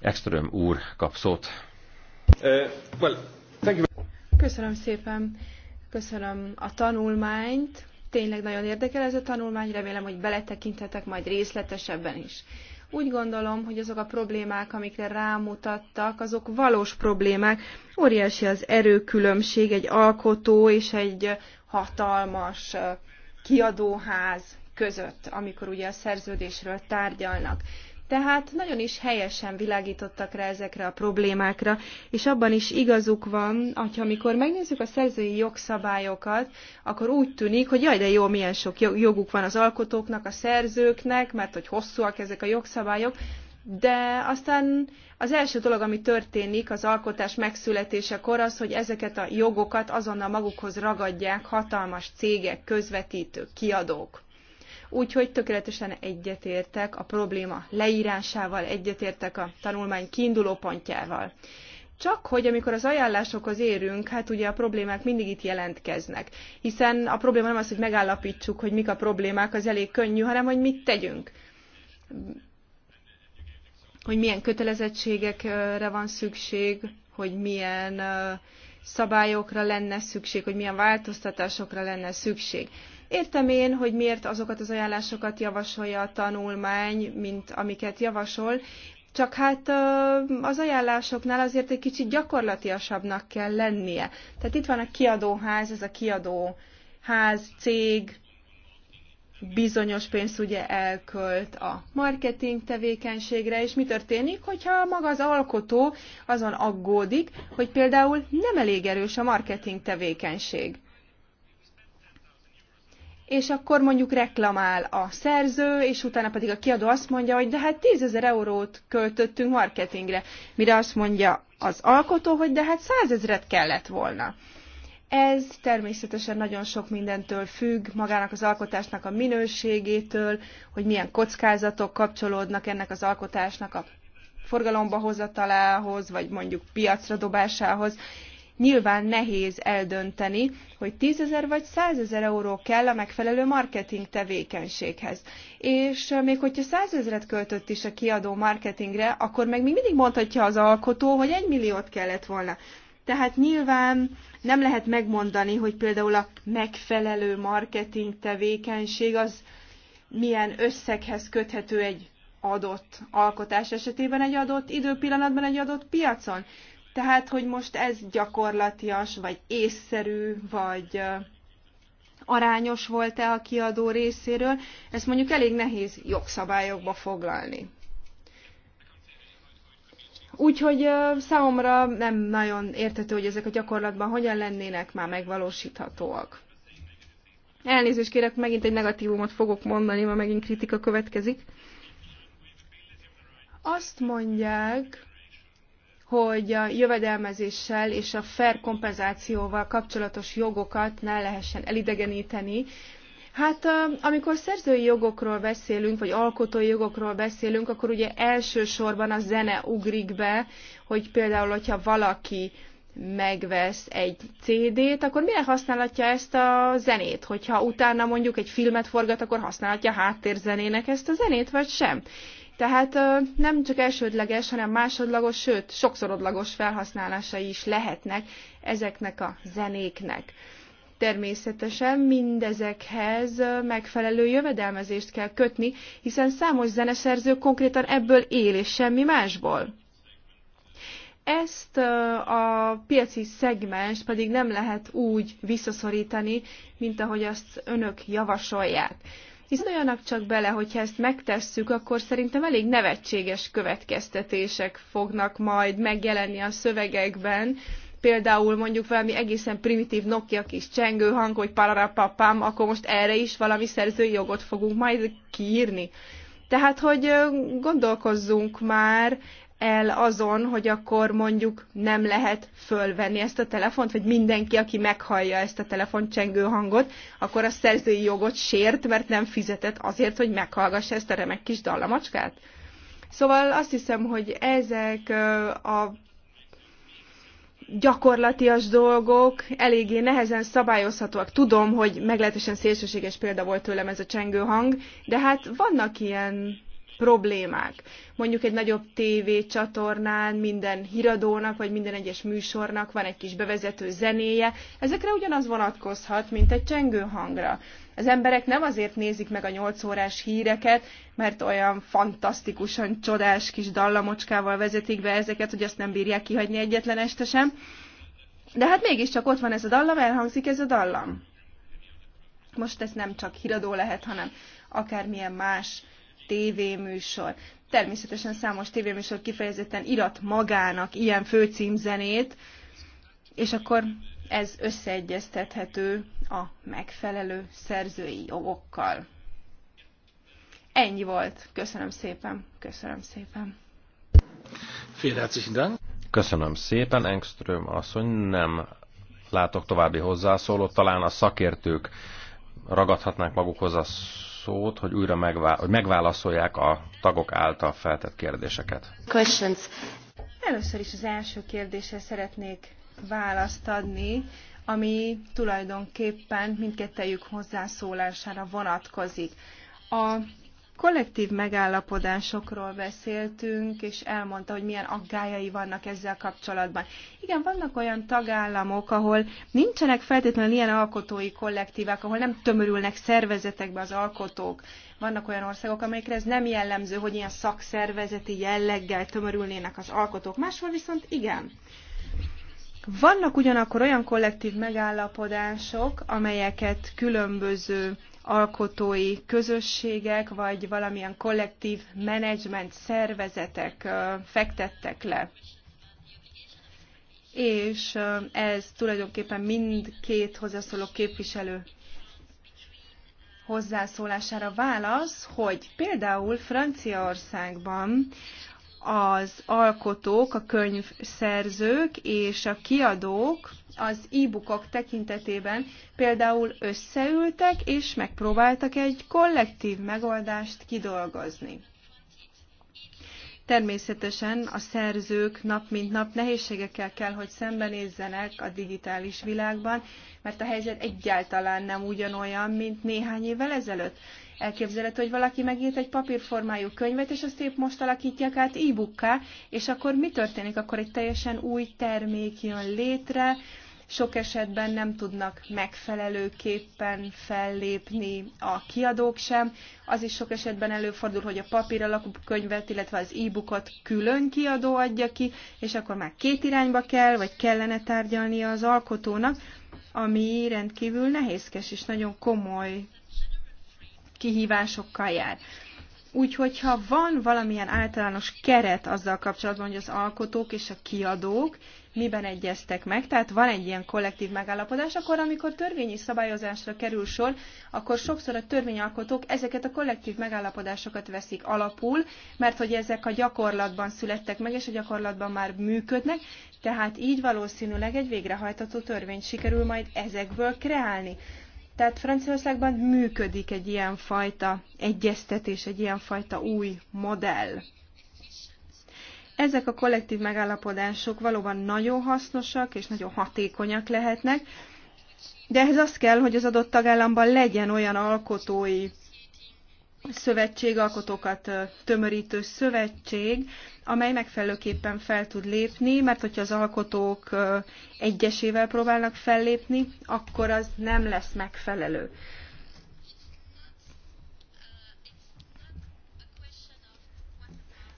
Ekström úr kap szót. Uh, Köszönöm szépen. Köszönöm a tanulmányt. Tényleg nagyon érdekel ez a tanulmány, remélem, hogy beletekinthetek majd részletesebben is. Úgy gondolom, hogy azok a problémák, amikre rámutattak, azok valós problémák. Óriási az erőkülönbség egy alkotó és egy hatalmas kiadóház között, amikor ugye a szerződésről tárgyalnak. Tehát nagyon is helyesen világítottak rá ezekre a problémákra, és abban is igazuk van, hogy amikor megnézzük a szerzői jogszabályokat, akkor úgy tűnik, hogy jaj, de jó, milyen sok joguk van az alkotóknak, a szerzőknek, mert hogy hosszúak ezek a jogszabályok, de aztán az első dolog, ami történik az alkotás megszületésekor az, hogy ezeket a jogokat azonnal magukhoz ragadják hatalmas cégek, közvetítők, kiadók. Úgyhogy tökéletesen egyetértek a probléma leírásával, egyetértek a tanulmány kiinduló pontjával. Csak hogy amikor az ajánlásokhoz érünk, hát ugye a problémák mindig itt jelentkeznek. Hiszen a probléma nem az, hogy megállapítsuk, hogy mik a problémák, az elég könnyű, hanem hogy mit tegyünk. Hogy milyen kötelezettségekre van szükség, hogy milyen szabályokra lenne szükség, hogy milyen változtatásokra lenne szükség. Értem én, hogy miért azokat az ajánlásokat javasolja a tanulmány, mint amiket javasol, csak hát az ajánlásoknál azért egy kicsit gyakorlatiasabbnak kell lennie. Tehát itt van a kiadóház, ez a kiadóház, cég, bizonyos pénzt ugye elkölt a marketing tevékenységre, és mi történik, hogyha maga az alkotó azon aggódik, hogy például nem elég erős a marketing tevékenység és akkor mondjuk reklamál a szerző, és utána pedig a kiadó azt mondja, hogy de hát 10 ezer eurót költöttünk marketingre, mire azt mondja az alkotó, hogy de hát 100 ezeret kellett volna. Ez természetesen nagyon sok mindentől függ, magának az alkotásnak a minőségétől, hogy milyen kockázatok kapcsolódnak ennek az alkotásnak a forgalomba hozatalához, vagy mondjuk piacra dobásához, nyilván nehéz eldönteni, hogy 10 ezer vagy 100 ezer euró kell a megfelelő marketing tevékenységhez. És még hogyha 100 ezeret költött is a kiadó marketingre, akkor meg még mindig mondhatja az alkotó, hogy 1 milliót kellett volna. Tehát nyilván nem lehet megmondani, hogy például a megfelelő marketing tevékenység az milyen összeghez köthető egy adott alkotás esetében, egy adott időpillanatban, egy adott piacon. Tehát, hogy most ez gyakorlatias, vagy észszerű, vagy arányos volt-e a kiadó részéről, ezt mondjuk elég nehéz jogszabályokba foglalni. Úgyhogy számomra nem nagyon értető, hogy ezek a gyakorlatban hogyan lennének már megvalósíthatóak. Elnézést kérek, megint egy negatívumot fogok mondani, ma megint kritika következik. Azt mondják, hogy a jövedelmezéssel és a fair kompenzációval kapcsolatos jogokat ne lehessen elidegeníteni. Hát amikor szerzői jogokról beszélünk, vagy alkotói jogokról beszélünk, akkor ugye elsősorban a zene ugrik be, hogy például, hogyha valaki megvesz egy CD-t, akkor mire használhatja ezt a zenét? Hogyha utána mondjuk egy filmet forgat, akkor használhatja háttérzenének ezt a zenét, vagy sem? Tehát nem csak elsődleges, hanem másodlagos, sőt, sokszorodlagos felhasználásai is lehetnek ezeknek a zenéknek. Természetesen mindezekhez megfelelő jövedelmezést kell kötni, hiszen számos zeneszerző konkrétan ebből él és semmi másból. Ezt a piaci szegmens pedig nem lehet úgy visszaszorítani, mint ahogy azt önök javasolják. Hiszen olyanak csak bele, hogyha ezt megtesszük, akkor szerintem elég nevetséges következtetések fognak majd megjelenni a szövegekben, például mondjuk valami egészen primitív Nokia kis csengő hang, hogy pararapapám, akkor most erre is valami szerzői jogot fogunk majd kiírni. Tehát, hogy gondolkozzunk már, el azon, hogy akkor mondjuk nem lehet fölvenni ezt a telefont, vagy mindenki, aki meghallja ezt a csengő hangot, akkor a szerzői jogot sért, mert nem fizetett azért, hogy meghallgassa ezt a remek kis dallamacskát. Szóval azt hiszem, hogy ezek a gyakorlatias dolgok eléggé nehezen szabályozhatóak. Tudom, hogy meglehetősen szélsőséges példa volt tőlem ez a csengőhang, de hát vannak ilyen problémák. Mondjuk egy nagyobb TV csatornán minden híradónak, vagy minden egyes műsornak van egy kis bevezető zenéje. Ezekre ugyanaz vonatkozhat, mint egy csengő hangra. Az emberek nem azért nézik meg a 8 órás híreket, mert olyan fantasztikusan csodás kis dallamocskával vezetik be ezeket, hogy azt nem bírják kihagyni egyetlen este sem. De hát mégiscsak ott van ez a dallam, elhangzik ez a dallam. Most ez nem csak híradó lehet, hanem akármilyen más tévéműsor. Természetesen számos tévéműsor kifejezetten irat magának ilyen főcímzenét, és akkor ez összeegyeztethető a megfelelő szerzői jogokkal. Ennyi volt. Köszönöm szépen. Köszönöm szépen. Köszönöm szépen, Engström asszony. Nem látok további hozzászólót. Talán a szakértők ragadhatnák magukhoz a szót, hogy újra megvá- hogy megválaszolják a tagok által feltett kérdéseket. Questions. Először is az első kérdésre szeretnék választ adni, ami tulajdonképpen mindkettőjük hozzászólására vonatkozik. A kollektív megállapodásokról beszéltünk, és elmondta, hogy milyen aggályai vannak ezzel kapcsolatban. Igen, vannak olyan tagállamok, ahol nincsenek feltétlenül ilyen alkotói kollektívák, ahol nem tömörülnek szervezetekbe az alkotók. Vannak olyan országok, amelyekre ez nem jellemző, hogy ilyen szakszervezeti jelleggel tömörülnének az alkotók. Máshol viszont igen. Vannak ugyanakkor olyan kollektív megállapodások, amelyeket különböző alkotói közösségek, vagy valamilyen kollektív menedzsment szervezetek fektettek le. És ez tulajdonképpen mindkét hozzászóló képviselő hozzászólására válasz, hogy például Franciaországban az alkotók, a könyvszerzők és a kiadók az e-bookok tekintetében például összeültek és megpróbáltak egy kollektív megoldást kidolgozni. Természetesen a szerzők nap mint nap nehézségekkel kell, hogy szembenézzenek a digitális világban, mert a helyzet egyáltalán nem ugyanolyan, mint néhány évvel ezelőtt. Elképzelhető, hogy valaki megírt egy papírformájú könyvet, és azt épp most alakítják át e-bookká, és akkor mi történik? Akkor egy teljesen új termék jön létre, sok esetben nem tudnak megfelelőképpen fellépni a kiadók sem. Az is sok esetben előfordul, hogy a papír alakú könyvet, illetve az e-bookot külön kiadó adja ki, és akkor már két irányba kell, vagy kellene tárgyalnia az alkotónak, ami rendkívül nehézkes és nagyon komoly kihívásokkal jár. Úgyhogy ha van valamilyen általános keret azzal kapcsolatban, hogy az alkotók és a kiadók miben egyeztek meg, tehát van egy ilyen kollektív megállapodás, akkor amikor törvényi szabályozásra kerül sor, akkor sokszor a törvényalkotók ezeket a kollektív megállapodásokat veszik alapul, mert hogy ezek a gyakorlatban születtek meg, és a gyakorlatban már működnek, tehát így valószínűleg egy végrehajtató törvényt sikerül majd ezekből kreálni. Tehát Franciaországban működik egy ilyen fajta egyeztetés, egy ilyen fajta új modell. Ezek a kollektív megállapodások valóban nagyon hasznosak és nagyon hatékonyak lehetnek, de ehhez az kell, hogy az adott tagállamban legyen olyan alkotói szövetségalkotókat tömörítő szövetség, amely megfelelőképpen fel tud lépni, mert hogyha az alkotók egyesével próbálnak fellépni, akkor az nem lesz megfelelő.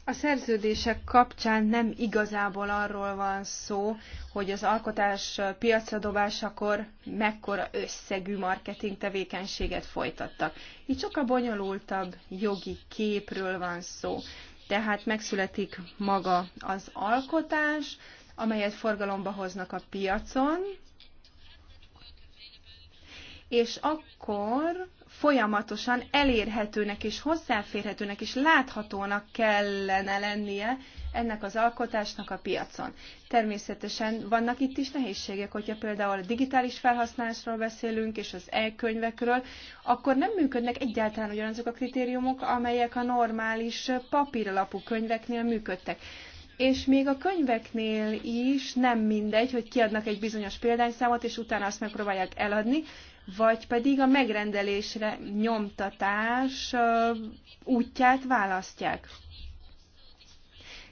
A szerződések kapcsán nem igazából arról van szó, hogy az alkotás piacra dobásakor mekkora összegű marketing tevékenységet folytattak. Itt sokkal bonyolultabb jogi képről van szó. Tehát megszületik maga az alkotás, amelyet forgalomba hoznak a piacon, és akkor folyamatosan elérhetőnek és hozzáférhetőnek és láthatónak kellene lennie ennek az alkotásnak a piacon. Természetesen vannak itt is nehézségek, hogyha például a digitális felhasználásról beszélünk és az e-könyvekről, akkor nem működnek egyáltalán ugyanazok a kritériumok, amelyek a normális papíralapú könyveknél működtek és még a könyveknél is nem mindegy, hogy kiadnak egy bizonyos példányszámot, és utána azt megpróbálják eladni, vagy pedig a megrendelésre nyomtatás útját választják.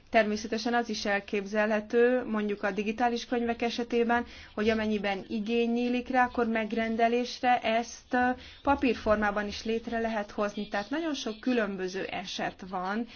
Természetesen az is elképzelhető, mondjuk a digitális könyvek esetében, hogy amennyiben igény nyílik rá, akkor megrendelésre ezt papírformában is létre lehet hozni. Tehát nagyon sok különböző eset van,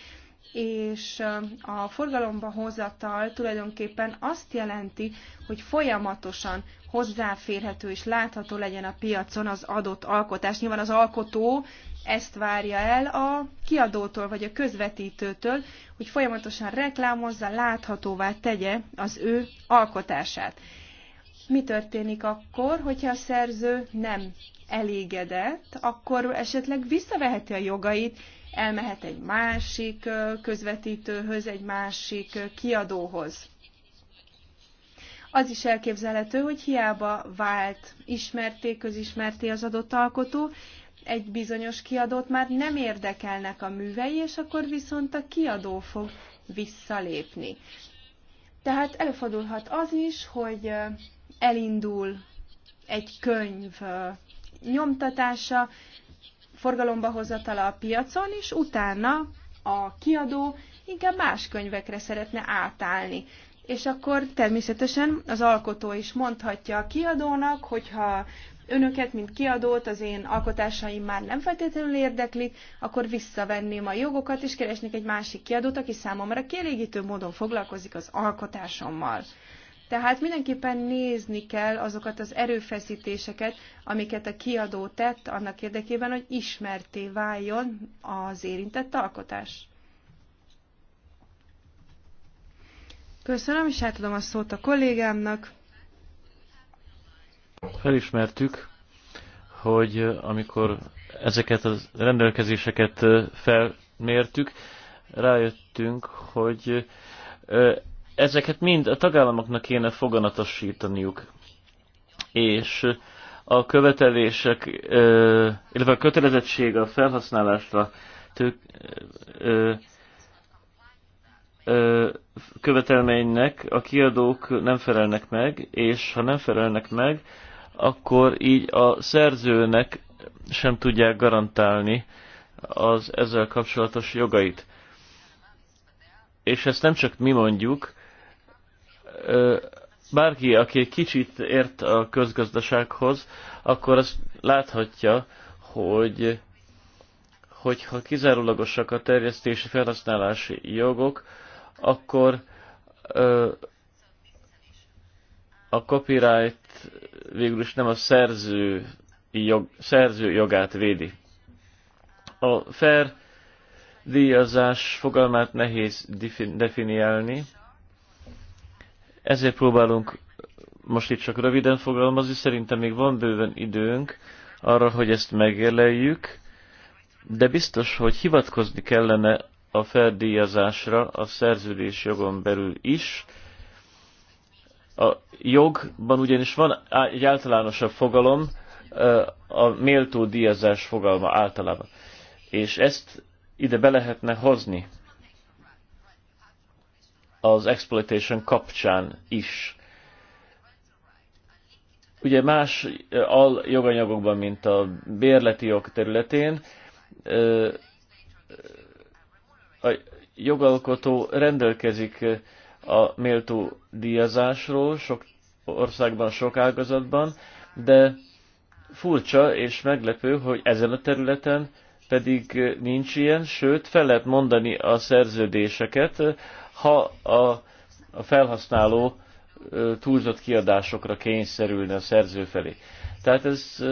és a forgalomba hozatal tulajdonképpen azt jelenti, hogy folyamatosan hozzáférhető és látható legyen a piacon az adott alkotás. Nyilván az alkotó ezt várja el a kiadótól vagy a közvetítőtől, hogy folyamatosan reklámozza, láthatóvá tegye az ő alkotását. Mi történik akkor, hogyha a szerző nem elégedett, akkor esetleg visszaveheti a jogait, elmehet egy másik közvetítőhöz, egy másik kiadóhoz. Az is elképzelhető, hogy hiába vált ismerté, közismerté az adott alkotó, egy bizonyos kiadót már nem érdekelnek a művei, és akkor viszont a kiadó fog visszalépni. Tehát előfordulhat az is, hogy elindul egy könyv nyomtatása, forgalomba hozatala a piacon, és utána a kiadó inkább más könyvekre szeretne átállni. És akkor természetesen az alkotó is mondhatja a kiadónak, hogyha önöket, mint kiadót az én alkotásaim már nem feltétlenül érdeklik, akkor visszavenném a jogokat, és keresnék egy másik kiadót, aki számomra kielégítő módon foglalkozik az alkotásommal. Tehát mindenképpen nézni kell azokat az erőfeszítéseket, amiket a kiadó tett annak érdekében, hogy ismerté váljon az érintett alkotás. Köszönöm, és átadom a szót a kollégámnak. Felismertük, hogy amikor ezeket a rendelkezéseket felmértük, rájöttünk, hogy ezeket mind a tagállamoknak kéne foganatosítaniuk. És a követelések, illetve a kötelezettség a felhasználásra tök, ö, ö, követelménynek a kiadók nem felelnek meg, és ha nem felelnek meg, akkor így a szerzőnek sem tudják garantálni az ezzel kapcsolatos jogait. És ezt nem csak mi mondjuk, bárki, aki egy kicsit ért a közgazdasághoz, akkor azt láthatja, hogy hogyha kizárólagosak a terjesztési felhasználási jogok, akkor ö, a copyright végül is nem a szerző, jog, szerző jogát védi. A fair díjazás fogalmát nehéz definiálni, ezért próbálunk most itt csak röviden fogalmazni, szerintem még van bőven időnk arra, hogy ezt megérleljük, de biztos, hogy hivatkozni kellene a feldíjazásra a szerződés jogon belül is. A jogban ugyanis van egy általánosabb fogalom, a méltó díjazás fogalma általában. És ezt ide be lehetne hozni az exploitation kapcsán is. Ugye más eh, al joganyagokban, mint a bérleti jog területén, eh, a jogalkotó rendelkezik eh, a méltó díjazásról sok országban, sok ágazatban, de furcsa és meglepő, hogy ezen a területen pedig nincs ilyen, sőt, fel lehet mondani a szerződéseket, ha a, a felhasználó túlzott kiadásokra kényszerülne a szerző felé. Tehát ez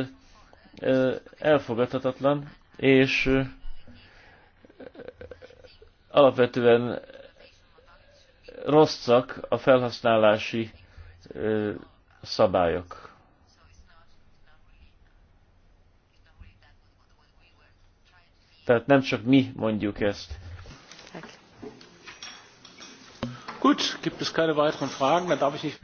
elfogadhatatlan, és alapvetően rosszak a felhasználási szabályok. Tehát nem csak mi mondjuk ezt. Gut, gibt es keine weiteren Fragen, dann darf ich nicht...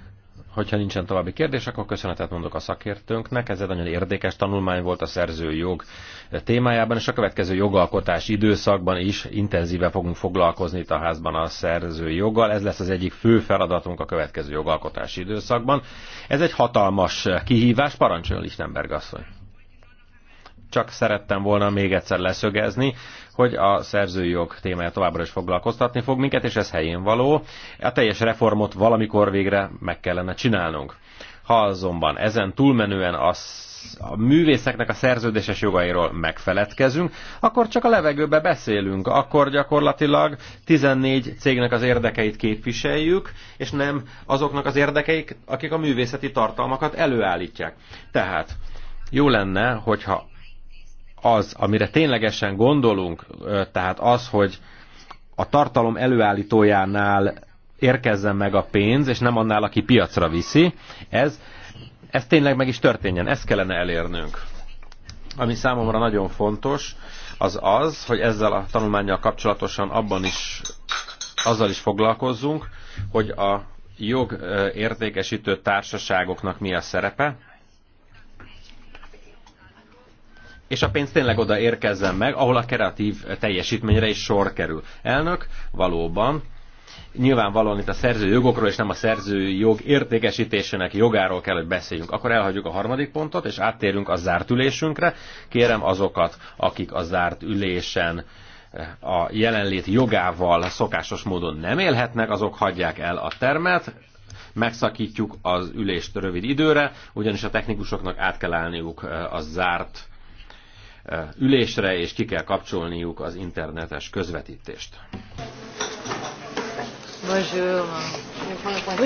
Hogyha nincsen további kérdés, akkor köszönetet mondok a szakértőnknek. Ez egy nagyon érdekes tanulmány volt a szerzőjog témájában, és a következő jogalkotás időszakban is intenzíve fogunk foglalkozni itt a házban a szerzőjoggal. Ez lesz az egyik fő feladatunk a következő jogalkotási időszakban. Ez egy hatalmas kihívás. Parancsoljon Lichtenberg asszony! csak szerettem volna még egyszer leszögezni, hogy a szerzői jog témája továbbra is foglalkoztatni fog minket, és ez helyén való. A teljes reformot valamikor végre meg kellene csinálnunk. Ha azonban ezen túlmenően az a művészeknek a szerződéses jogairól megfeledkezünk, akkor csak a levegőbe beszélünk, akkor gyakorlatilag 14 cégnek az érdekeit képviseljük, és nem azoknak az érdekeik, akik a művészeti tartalmakat előállítják. Tehát jó lenne, hogyha az, amire ténylegesen gondolunk, tehát az, hogy a tartalom előállítójánál érkezzen meg a pénz, és nem annál, aki piacra viszi, ez, ez tényleg meg is történjen, ezt kellene elérnünk. Ami számomra nagyon fontos, az az, hogy ezzel a tanulmányjal kapcsolatosan abban is, azzal is foglalkozzunk, hogy a jog értékesítő társaságoknak mi a szerepe, és a pénz tényleg oda érkezzen meg, ahol a kreatív teljesítményre is sor kerül. Elnök, valóban, nyilvánvalóan itt a szerző jogokról és nem a szerző jog értékesítésének jogáról kell, hogy beszéljünk. Akkor elhagyjuk a harmadik pontot, és áttérünk a zárt ülésünkre. Kérem azokat, akik a zárt ülésen eh, a jelenlét jogával szokásos módon nem élhetnek, azok hagyják el a termet, megszakítjuk az ülést rövid időre, ugyanis a technikusoknak át kell állniuk eh, a zárt ülésre, és ki kell kapcsolniuk az internetes közvetítést. Bonjour.